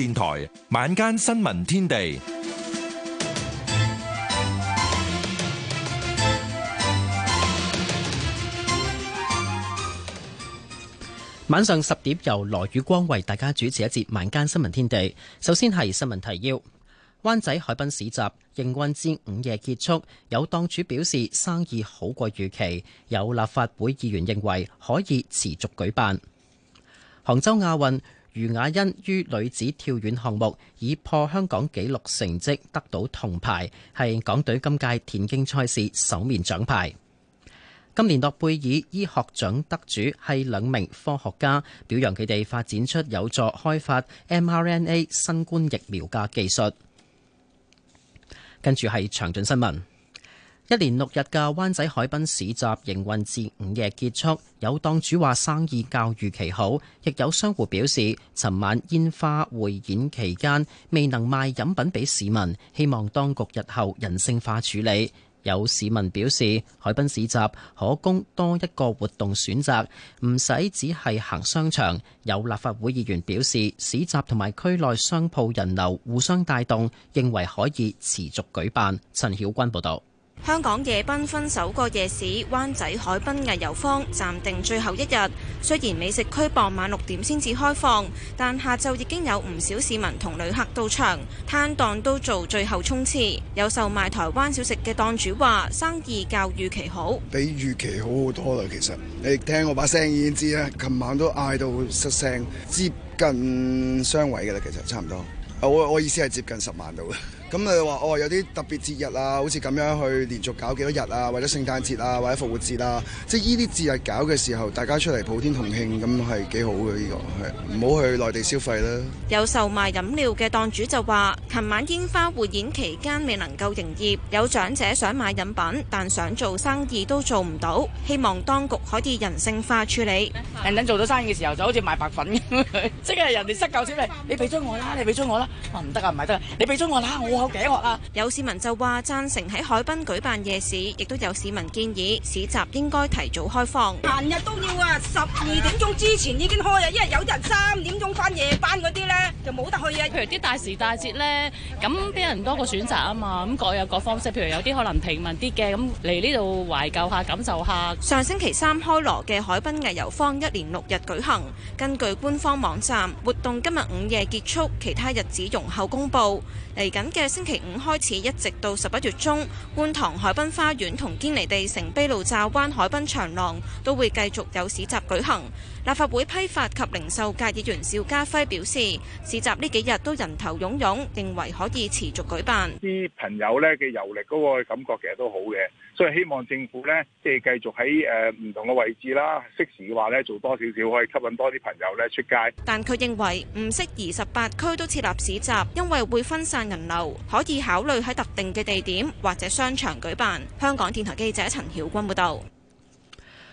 電台晚間新聞天地，晚上十點由羅宇光為大家主持一節晚間新聞天地。首先係新聞提要：灣仔海濱市集營運至午夜結束，有檔主表示生意好過預期；有立法會議員認為可以持續舉辦杭州亞運。余雅欣於女子跳遠項目以破香港紀錄成績得到銅牌，係港隊今屆田徑賽事首面獎牌。今年諾貝爾醫學獎得主係兩名科學家，表揚佢哋發展出有助開發 mRNA 新冠疫苗嘅技術。跟住係詳盡新聞。一連六日嘅灣仔海濱市集營運至午夜結束，有檔主話生意較預期好，亦有商戶表示，尋晚煙花匯演期間未能賣飲品俾市民，希望當局日後人性化處理。有市民表示，海濱市集可供多一個活動選擇，唔使只係行商場。有立法會議員表示，市集同埋區內商鋪人流互相帶動，認為可以持續舉辦。陳曉君報道。香港夜繽紛首個夜市灣仔海濱藝遊坊暫定最後一日。雖然美食區傍晚六點先至開放，但下晝已經有唔少市民同旅客到場攤檔都做最後衝刺。有售賣台灣小食嘅檔主話：生意較預期好，比預期好好多啦。其實你聽我把聲已經知啦，琴晚都嗌到失聲，接近雙位嘅啦。其實差唔多。我我意思係接近十萬度嘅。咁、嗯、你話哦，有啲特別節日啊，好似咁樣去連續搞幾多日啊，或者聖誕節啊，或者復活節啊，即係呢啲節日搞嘅時候，大家出嚟普天同慶，咁係幾好嘅呢、呢個係，唔好去內地消費啦。有售賣飲料嘅檔主就話：琴晚煙花匯演期間未能夠營業，有長者想買飲品，但想做生意都做唔到，希望當局可以人性化處理。等等做咗生意嘅時候，就好似賣白粉咁， 即係人哋塞夠錢嚟，你俾咗我啦，你俾咗我啦，唔得啊，唔係得啊，你俾咗我啦，我有幾啊！Okay, uh. 有市民就話贊成喺海濱舉辦夜市，亦都有市民建議市集應該提早開放。閒日都要啊！十二點鐘之前已經開啊，因為有啲人三點鐘翻夜班嗰啲呢，就冇得去啊。譬如啲大時大節呢，咁俾人多個選擇啊嘛。咁各有各方式，譬如有啲可能平民啲嘅咁嚟呢度懷舊下、感受下。上星期三開鑼嘅海濱藝遊坊，一連六日舉行，根據官方網站活動今日午夜結束，其他日子容後公佈。嚟緊嘅。星期五開始一直到十一月中，觀塘海濱花園同堅尼地城卑路乍灣海濱長廊都會繼續有市集舉行。立法會批發及零售界議員邵家輝表示，市集呢幾日都人頭湧湧，認為可以持續舉辦。啲朋友咧嘅遊歷嗰個感覺其實都好嘅。所以希望政府呢，即係繼續喺誒唔同嘅位置啦，適時嘅話呢，做多少少，可以吸引多啲朋友呢出街。但佢認為唔適宜十八區都設立市集，因為會分散人流，可以考慮喺特定嘅地點或者商場舉辦。香港電台記者陳曉君報道。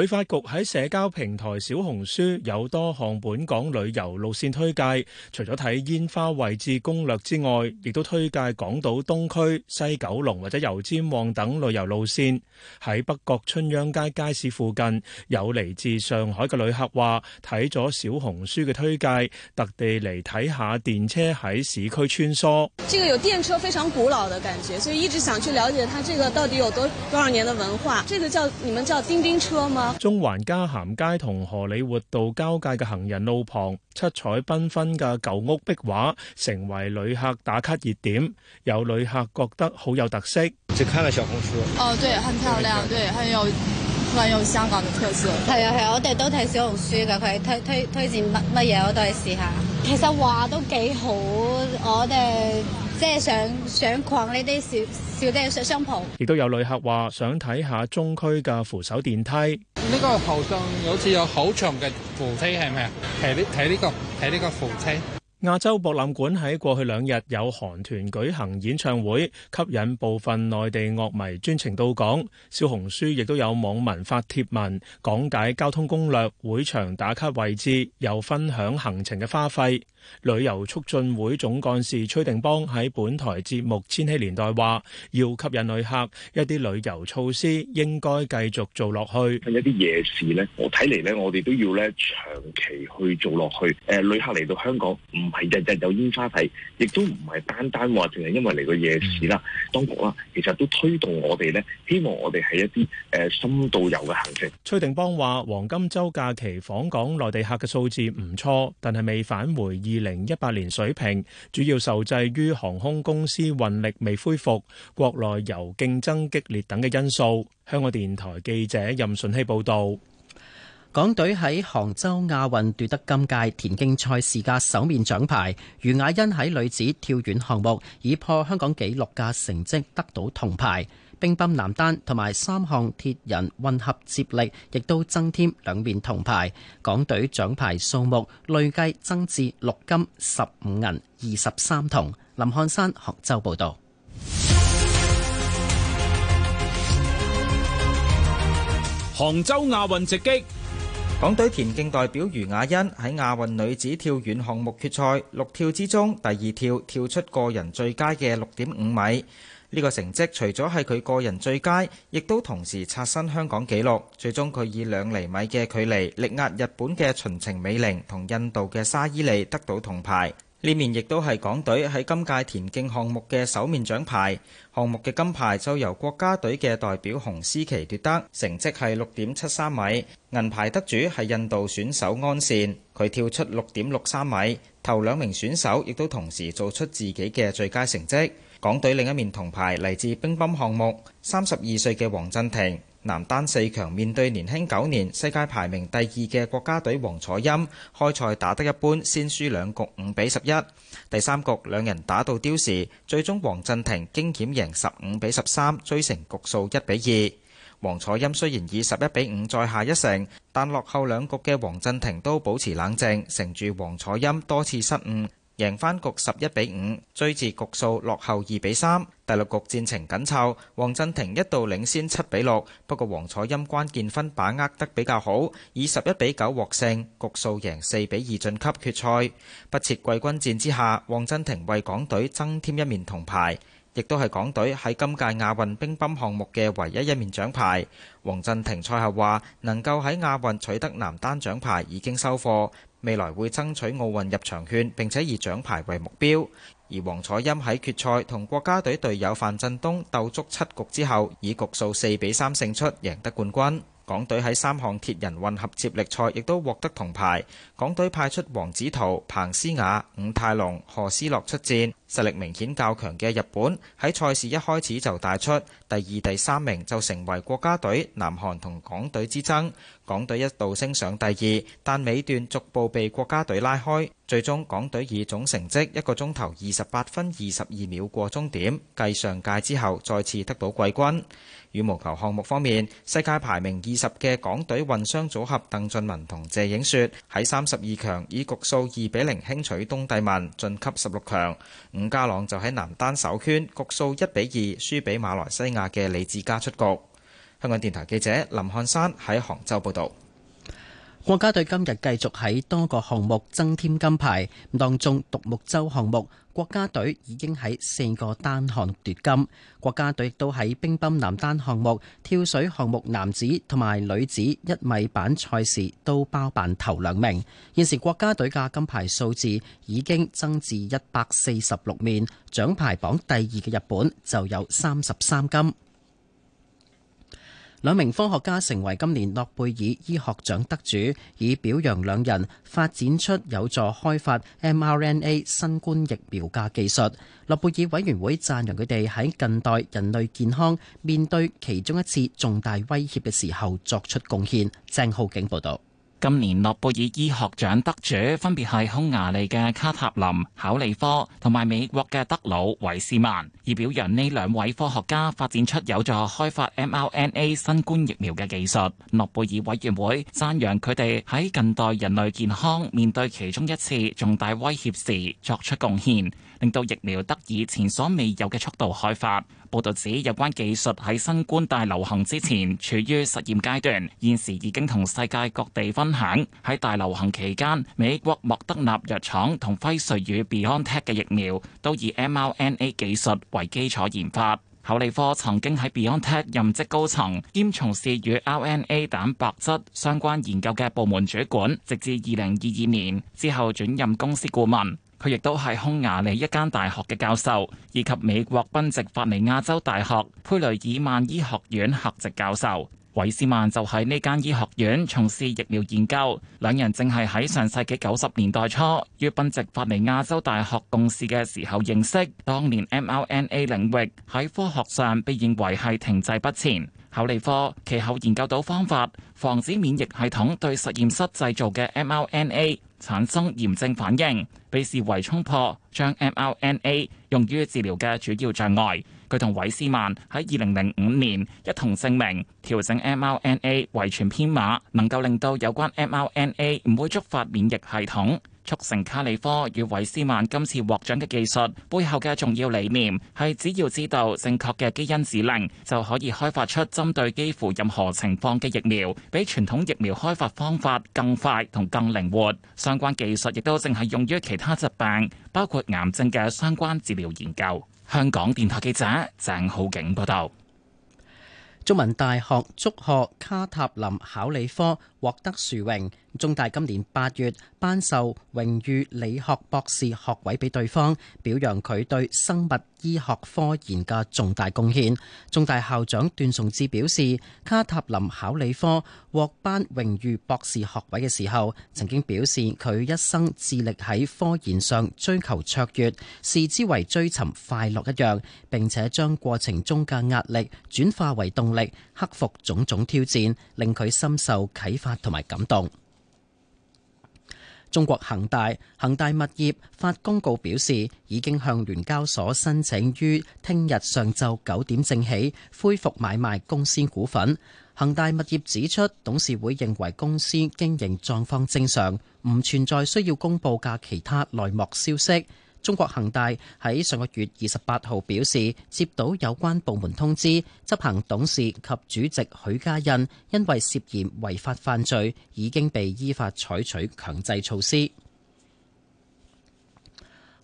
旅發局喺社交平台小紅書有多項本港旅遊路線推介，除咗睇煙花位置攻略之外，亦都推介港島東區、西九龍或者油尖旺等旅遊路線。喺北角春秧街街市附近，有嚟自上海嘅旅客話睇咗小紅書嘅推介，特地嚟睇下電車喺市區穿梭。這個有電車非常古老嘅感覺，所以一直想去了解它。這個到底有多多少年的文化？這個叫你們叫叮叮車嗎？中環嘉咸街同荷里活道交界嘅行人路旁，七彩繽紛嘅舊屋壁畫，成為旅客打卡熱點。有旅客覺得好有特色。即刻係小紅書。哦，對，很漂亮，對，很有很有香港的特色。係啊係啊，我哋都睇小紅書㗎，佢推推推薦乜乜嘢我都去試下。其實話都幾好，我哋。即係想想逛呢啲小小啲嘅商鋪，亦都有旅客話想睇下中區嘅扶手電梯。呢個頭上好似有好長嘅扶梯，係咪啊？睇呢睇呢個睇呢個扶梯。亞洲博覽館喺過去兩日有韓團舉行演唱會，吸引部分內地樂迷專程到港。小紅書亦都有網民發帖文，講解交通攻略、會場打卡位置，又分享行程嘅花費。旅遊促進會總幹事崔定邦喺本台節目《千禧年代》話，要吸引旅客，一啲旅遊措施應該繼續做落去。一啲夜市呢，我睇嚟呢，我哋都要咧長期去做落去。誒、呃，旅客嚟到香港唔係日日有煙花睇，亦都唔係單單話淨係因為嚟過夜市啦。當局啦，其實都推動我哋呢，希望我哋喺一啲誒深度遊嘅行程。崔定邦話，黃金周假期訪港內地客嘅數字唔錯，但係未返回，二零一八年水平，主要受制於航空公司運力未恢復國內遊競爭激烈等嘅因素。香港電台記者任順希報道。港隊喺杭州亞運奪得今屆田徑賽事嘅首面獎牌，余雅欣喺女子跳遠項目以破香港紀錄嘅成績得到銅牌。乒乓男單同埋三項鐵人混合接力，亦都增添兩面銅牌。港隊獎牌數目累計增至六金、十五銀、二十三銅。林漢山，杭州報道。杭州亞運直擊，港隊田徑代表余雅欣喺亞運女子跳遠項目決賽六跳之中，第二跳跳出個人最佳嘅六點五米。呢個成績除咗係佢個人最佳，亦都同時刷新香港紀錄。最終佢以兩厘米嘅距離力壓日本嘅秦晴美玲同印度嘅沙伊利，得到銅牌。呢面亦都係港隊喺今屆田徑項目嘅首面獎牌。項目嘅金牌就由國家隊嘅代表洪思琪奪得，成績係六點七三米。銀牌得主係印度選手安善，佢跳出六點六三米。頭兩名選手亦都同時做出自己嘅最佳成績。港隊另一面銅牌嚟自乒乓項目，三十二歲嘅黃鎮廷男單四強面對年輕九年、世界排名第二嘅國家隊王楚欽，開賽打得一般，先輸兩局五比十一。第三局兩人打到刁時，最終黃鎮廷驚險贏十五比十三，追成局數一比二。王楚欽雖然以十一比五再下一城，但落後兩局嘅黃鎮廷都保持冷靜，乘住王楚欽多次失誤。贏翻局十一比五，追至局數落後二比三，第六局戰情緊湊，王振廷一度領先七比六，不過王楚欽關鍵分把握得比較好，以十一比九獲勝，局數贏四比二晉級決賽。不設季軍戰之下，王振廷為港隊增添一面銅牌，亦都係港隊喺今屆亞運乒乓項目嘅唯一一面獎牌。王振廷賽後話：能夠喺亞運取得男單獎牌已經收貨。未來會爭取奧運入場券，並且以獎牌為目標。而王楚欽喺決賽同國家隊隊友范振東鬥足七局之後，以局數四比三勝出，贏得冠軍。港隊喺三項鐵人混合接力賽亦都獲得銅牌。港隊派出黃子圖、彭思雅、伍太龍、何思樂出戰，實力明顯較強嘅日本喺賽事一開始就帶出，第二、第三名就成為國家隊、南韓同港隊之爭。港隊一度升上第二，但尾段逐步被國家隊拉開，最終港隊以總成績一個鐘頭二十八分二十二秒過終點，繼上屆之後再次得到季軍。羽毛球項目方面，世界排名二十嘅港隊混雙組合鄧俊文同謝影雪喺三十二強以局數二比零輕取東帝汶，晉級十六強。伍家朗就喺男單首圈局數一比二輸俾馬來西亞嘅李梓嘉出局。香港電台記者林漢山喺杭州報導。國家隊今日繼續喺多個項目增添金牌，當中獨木舟項目，國家隊已經喺四個單項奪金。國家隊亦都喺乒乓男單項目、跳水項目男子同埋女子一米板賽事都包辦頭兩名。現時國家隊嘅金牌數字已經增至一百四十六面，獎牌榜第二嘅日本就有三十三金。兩名科學家成為今年諾貝爾醫學獎得主，以表揚兩人發展出有助開發 mRNA 新冠疫苗嘅技術。諾貝爾委員會讚揚佢哋喺近代人類健康面對其中一次重大威脅嘅時候作出貢獻。鄭浩景報導。今年諾貝爾醫學獎得主分別係匈牙利嘅卡塔林·考利科同埋美國嘅德魯維斯曼，以表揚呢兩位科學家發展出有助開發 mRNA 新冠疫苗嘅技術。諾貝爾委員會讚揚佢哋喺近代人類健康面對其中一次重大威脅時作出貢獻。令到疫苗得以前所未有嘅速度開發。報道指有關技術喺新冠大流行之前處於實驗階段，現時已經同世界各地分享。喺大流行期間，美國莫德納藥廠同輝瑞與 BioNTech 嘅疫苗都以 mRNA 技術為基礎研發。考利科曾經喺 BioNTech 任職高層兼從事與 RNA 蛋白質相關研究嘅部門主管，直至二零二二年之後轉任公司顧問。佢亦都係匈牙利一間大學嘅教授，以及美國賓夕法尼亞州大學佩雷爾曼醫學院客席教授。韋斯曼就喺呢間醫學院從事疫苗研究，兩人正係喺上世紀九十年代初於賓夕法尼亞州大學共事嘅時候認識，當年 mRNA 領域喺科學上被認為係停滯不前。考利科其後研究到方法，防止免疫系統對實驗室製造嘅 mRNA 產生炎症反應，被視為衝破將 mRNA 用於治療嘅主要障礙。佢同韋斯曼喺二零零五年一同證明，調整 mRNA 遺傳編碼能夠令到有關 mRNA 唔會觸發免疫系統。促成卡里科與韋斯曼今次獲獎嘅技術背後嘅重要理念，係只要知道正確嘅基因指令，就可以開發出針對幾乎任何情況嘅疫苗，比傳統疫苗開發方法更快同更靈活。相關技術亦都正係用於其他疾病，包括癌症嘅相關治療研究。香港電台記者鄭浩景報道。中文大學祝賀卡塔林考理科獲得殊榮，中大今年八月頒授榮譽理學博士學位俾對方，表揚佢對生物醫學科研嘅重大貢獻。中大校長段崇智表示，卡塔琳考理科獲頒榮譽博士學位嘅時候，曾經表示佢一生致力喺科研上追求卓越，視之為追尋快樂一樣，並且將過程中嘅壓力轉化為動力，克服種種挑戰，令佢深受啟發。同埋感動，中國恆大、恆大物業發公告表示，已經向聯交所申請於聽日上晝九點正起恢復買賣公司股份。恆大物業指出，董事會認為公司經營狀況正常，唔存在需要公布嘅其他內幕消息。中國恒大喺上個月二十八號表示，接到有關部門通知，執行董事及主席許家印因為涉嫌違法犯罪，已經被依法採取強制措施。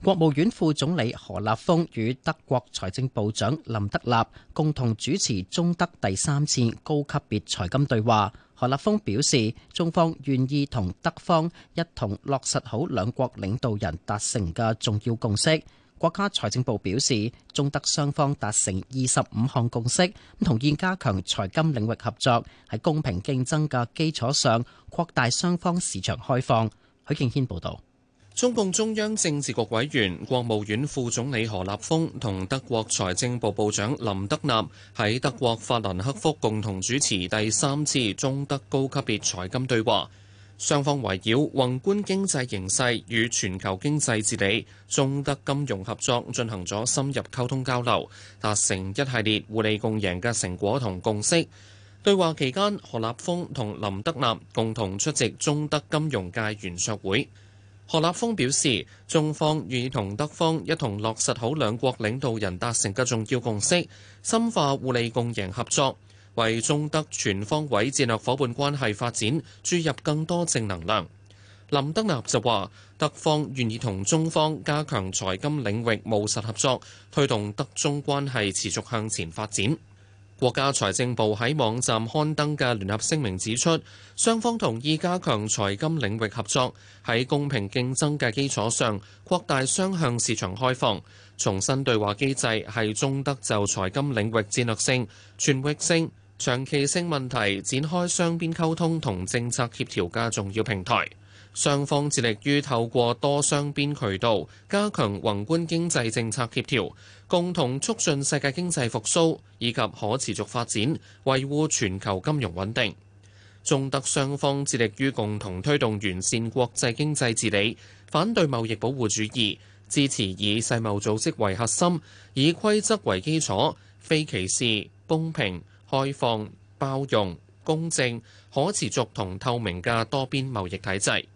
國務院副總理何立峰與德國財政部長林德納共同主持中德第三次高級別財金對話。何立峰表示，中方願意同德方一同落實好兩國領導人達成嘅重要共識。國家財政部表示，中德雙方達成二十五項共識，同意加強財金領域合作，喺公平競爭嘅基礎上擴大雙方市場開放。許敬軒報道。中共中央政治局委員、國務院副總理何立峰同德國財政部部長林德納喺德國法蘭克福共同主持第三次中德高級別財金對話，雙方圍繞宏觀經濟形勢與全球經濟治理、中德金融合作進行咗深入溝通交流，達成一系列互利共贏嘅成果同共識。對話期間，何立峰同林德納共同出席中德金融界圓桌會。何立峰表示，中方願意同德方一同落實好兩國領導人達成嘅重要共識，深化互利共贏合作，為中德全方位戰略夥伴關係發展注入更多正能量。林德納就話，德方願意同中方加強財金領域務實合作，推動德中關係持續向前發展。國家財政部喺網站刊登嘅聯合聲明指出，雙方同意加強財金領域合作，喺公平競爭嘅基礎上擴大雙向市場開放，重申對話機制係中德就財金領域戰略性、全域性、長期性問題展開雙邊溝通同政策協調嘅重要平台。雙方致力於透過多雙邊渠道加強宏觀經濟政策協調。共同促進世界經濟復甦以及可持續發展，維護全球金融穩定。中德雙方致力於共同推動完善國際經濟治理，反對貿易保護主義，支持以世貿組織為核心、以規則為基礎、非歧視、公平、開放、包容、公正、可持續同透明嘅多邊貿易體制。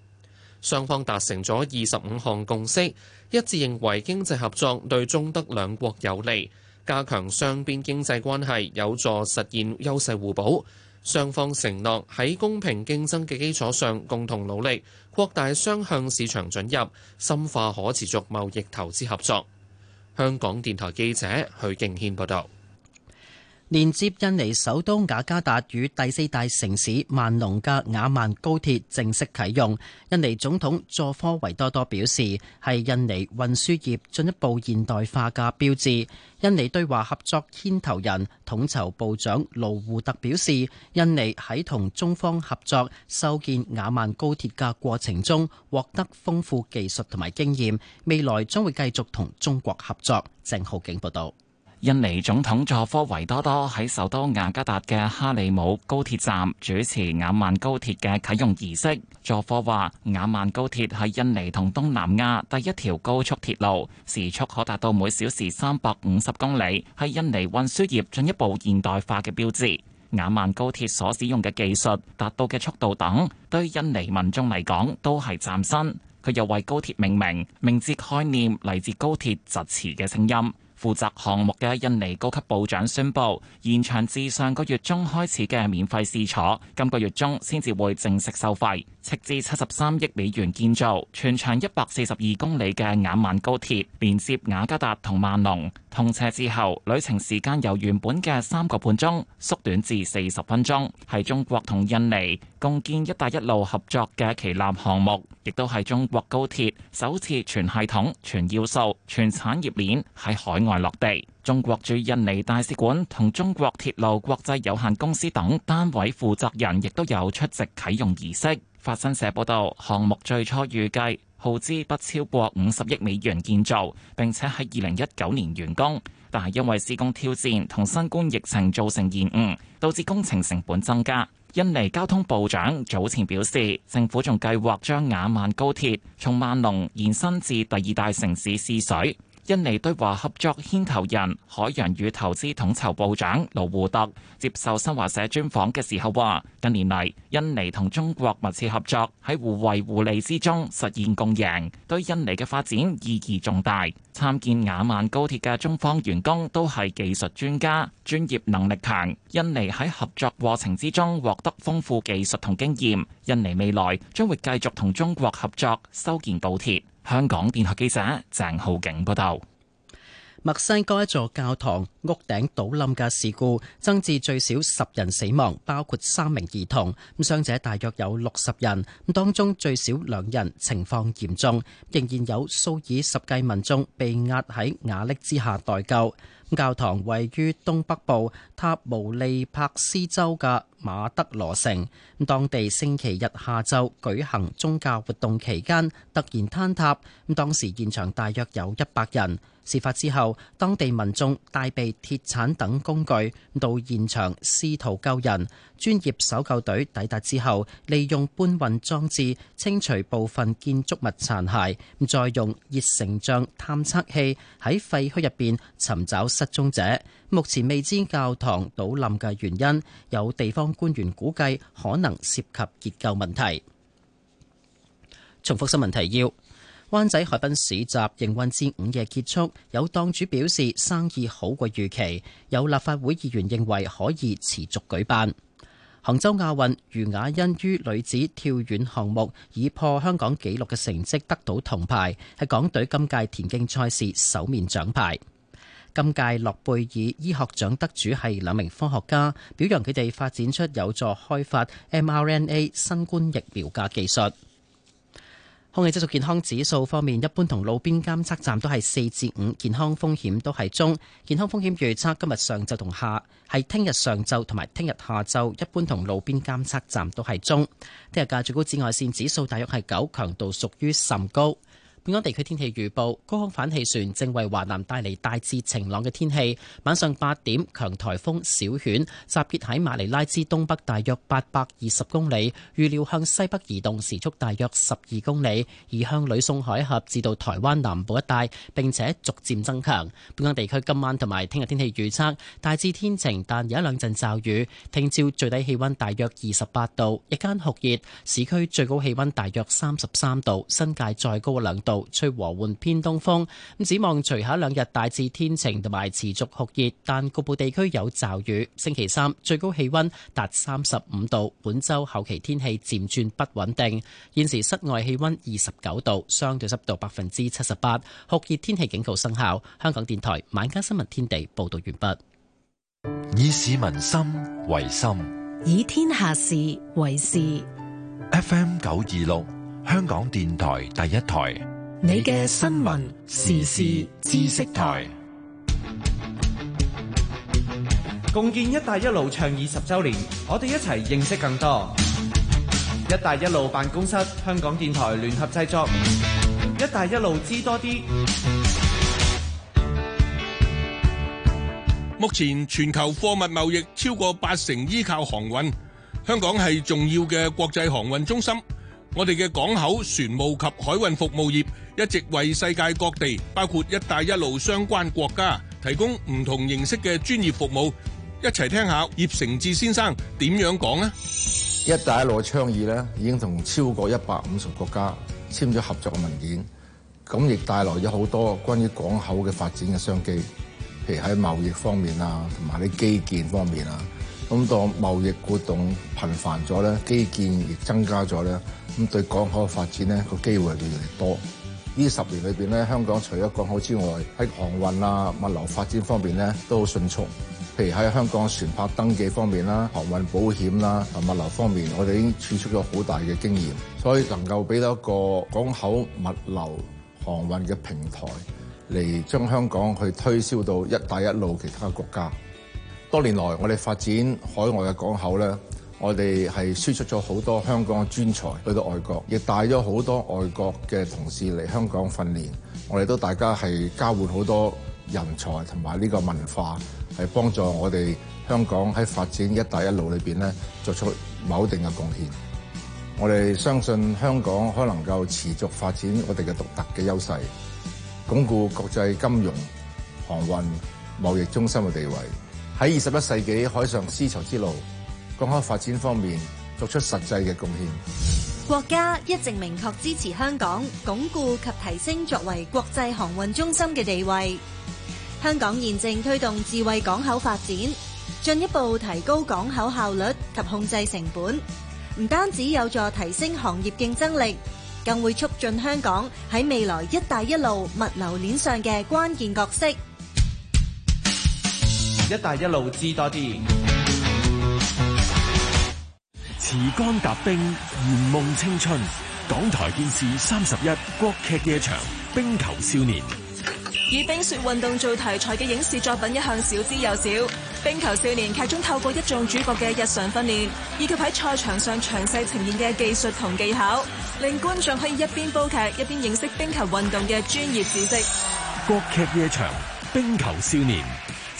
雙方達成咗二十五項共識，一致認為經濟合作對中德兩國有利，加強雙邊經濟關係有助實現優勢互補。雙方承諾喺公平競爭嘅基礎上共同努力，擴大雙向市場准入，深化可持續貿易投資合作。香港電台記者許敬軒報道。連接印尼首都雅加達與第四大城市萬隆嘅雅萬高鐵正式啟用。印尼總統佐科維多多表示，係印尼運輸業進一步現代化嘅標誌。印尼對華合作牽頭人統籌部長盧胡特表示，印尼喺同中方合作修建雅萬高鐵嘅過程中，獲得豐富技術同埋經驗，未來將會繼續同中國合作。鄭浩景報道。印尼總統佐科維多多喺首都雅加達嘅哈利姆高鐵站主持雅萬高鐵嘅啟用儀式。佐科話：雅萬高鐵係印尼同東南亞第一條高速鐵路，時速可達到每小時三百五十公里，係印尼運輸業進一步現代化嘅標誌。雅萬高鐵所使用嘅技術、達到嘅速度等，對於印尼民眾嚟講都係嶄新。佢又為高鐵命名，名字概念嚟自高鐵疾馳嘅聲音。負責項目嘅印尼高級部長宣布，延長至上個月中開始嘅免費試坐，今個月中先至會正式收費。斥資七十三億美元建造，全長一百四十二公里嘅雅萬高鐵連接雅加達同萬隆。通車之後，旅程時間由原本嘅三個半鐘縮短至四十分鐘，係中國同印尼共建“一帶一路”合作嘅旗艦項目，亦都係中國高鐵首次全系統、全要素、全產業鏈喺海外落地。中國駐印尼大使館同中國鐵路國際有限公司等單位負責人亦都有出席啟用儀式。法新社報道，項目最初預計耗資不超過五十億美元建造，並且喺二零一九年完工，但係因為施工挑戰同新冠疫情造成延誤，導致工程成本增加。印尼交通部長早前表示，政府仲計劃將雅萬高鐵從萬隆延伸至第二大城市泗水。印尼對華合作牽頭人、海洋與投資統籌部長盧胡特接受新華社專訪嘅時候話，近年嚟，印尼同中國密切合作，喺互惠互利之中實現共贏，對印尼嘅發展意義重大。參建雅萬高鐵嘅中方員工都係技術專家，專業能力強，印尼喺合作過程之中獲得豐富技術同經驗，印尼未來將會繼續同中國合作修建高鐵。香港電臺記者鄭浩景報道。墨西哥一座教堂屋頂倒冧嘅事故，增至最少十人死亡，包括三名兒童。咁傷者大約有六十人，當中最少兩人情況嚴重，仍然有數以十計民眾被壓喺瓦礫之下待救。教堂位於東北部塔毛利帕斯州嘅馬德羅城，當地星期日下晝舉行宗教活動期間突然坍塌，當時現場大約有一百人。事發之後，當地民眾帶備鐵鏟等工具到現場試圖救人。專業搜救隊抵達之後，利用搬運裝置清除部分建築物殘骸，再用熱成像探測器喺廢墟入邊尋找失蹤者。目前未知教堂倒冧嘅原因，有地方官員估計可能涉及結構問題。重複新聞提要。灣仔海濱市集營運至午夜結束，有檔主表示生意好過預期。有立法會議員認為可以持續舉辦。杭州亞運，余雅欣於女子跳遠項目以破香港紀錄嘅成績得到銅牌，係港隊今屆田徑賽事首面獎牌。今屆諾貝爾醫學獎得主係兩名科學家，表揚佢哋發展出有助開發 mRNA 新冠疫苗嘅技術。空氣質素健康指數方面，一般同路邊監測站都係四至五，健康風險都係中。健康風險預測今日上晝同下係聽日上晝同埋聽日下晝，一般同路邊監測站都係中。聽日嘅最高紫外線指數大約係九，強度屬於甚高。本港地區天氣預報，高空反氣旋正為華南帶嚟大致晴朗嘅天氣。晚上八點，強颱風小犬集結喺馬尼拉之東北大約八百二十公里，預料向西北移動，時速大約十二公里，移向呂宋海峽至到台灣南部一帶，並且逐漸增強。本港地區今晚同埋聽日天氣預測大致天晴，但有一兩陣驟雨。聽朝最低氣溫大約二十八度，日間酷熱，市區最高氣溫大約三十三度，新界再高兩度。吹和緩偏東風咁，指望隨下兩日大致天晴同埋持續酷熱，但局部地區有驟雨。星期三最高氣溫達三十五度。本周後期天氣漸轉不穩定。現時室外氣溫二十九度，相對濕度百分之七十八，酷熱天氣警告生效。香港電台晚間新聞天地報道完畢。以市民心為心，以天下事為事。FM 九二六，香港電台第一台。你嘅新聞時事知識台，共建“一帶一路”倡議十周年，我哋一齊認識更多。“一帶一路”辦公室、香港電台聯合製作“一帶一路”知多啲。目前全球貨物貿易超過八成依靠航運，香港係重要嘅國際航運中心。我哋嘅港口船務及海運服務業一直為世界各地，包括一帶一路相關國家，提供唔同形式嘅專業服務。一齊聽一下葉成志先生點樣講啊！一帶一路倡議咧，已經同超過一百五十個國家簽咗合作嘅文件，咁亦帶來咗好多關於港口嘅發展嘅商機，譬如喺貿易方面啊，同埋啲基建方面啊。咁當貿易活動頻繁咗咧，基建亦增加咗咧，咁對港口嘅發展咧，個機會越嚟越多。呢十年裏邊咧，香港除咗港口之外，喺航運啊、物流發展方面咧都好迅速。譬如喺香港船舶登記方面啦、航運保險啦、同、物流方面，我哋已經儲蓄咗好大嘅經驗，所以能夠俾到一個港口物流航運嘅平台嚟將香港去推銷到一帶一路其他國家。多年來，我哋發展海外嘅港口咧，我哋係輸出咗好多香港嘅專才去到外國，亦帶咗好多外國嘅同事嚟香港訓練。我哋都大家係交換好多人才同埋呢個文化，係幫助我哋香港喺發展一帶一路裏邊咧作出某定嘅貢獻。我哋相信香港可能夠持續發展我哋嘅獨特嘅優勢，鞏固國際金融、航運、貿易中心嘅地位。喺二十一世紀海上絲綢之路港口發展方面作出實際嘅貢獻。國家一直明確支持香港鞏固及提升作為國際航運中心嘅地位。香港現正推動智慧港口發展，進一步提高港口效率及控制成本，唔單止有助提升行業競爭力，更會促進香港喺未來“一帶一路”物流鏈上嘅關鍵角色。“一帶一路”知多啲，持竿踏冰，圓夢青春。港台電視三十一，國劇夜場，《冰球少年》。以冰雪運動做題材嘅影視作品一向少之又少。《冰球少年》劇中透過一眾主角嘅日常訓練，以及喺賽場上詳細呈現嘅技術同技巧，令觀眾可以一邊煲劇一邊認識冰球運動嘅專業知識。國劇夜場，《冰球少年》。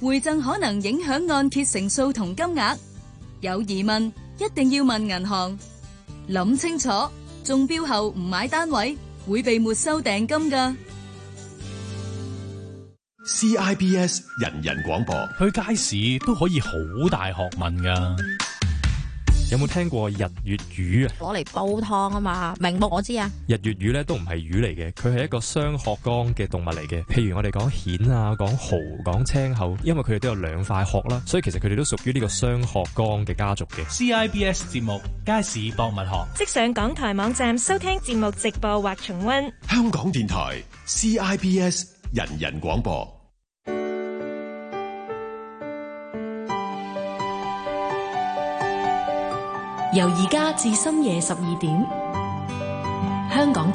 回贈可能影響按揭成數同金額，有疑問一定要問銀行，諗清楚。中標後唔買單位會被沒收訂金噶。CIBS 人人廣播，去街市都可以好大學問噶，有冇聽過日語？魚啊，攞嚟煲湯啊嘛，明目我知啊。日月魚咧都唔係魚嚟嘅，佢係一個雙殼綱嘅動物嚟嘅。譬如我哋講蜆啊，講蚝，講青口，因為佢哋都有兩塊殼啦，所以其實佢哋都屬於呢個雙殼綱嘅家族嘅。C I B S 節目街市博物學，即上港台網站收聽節目直播或重溫。香港電台 C I B S 人人廣播。由而家至深夜十二點，香港。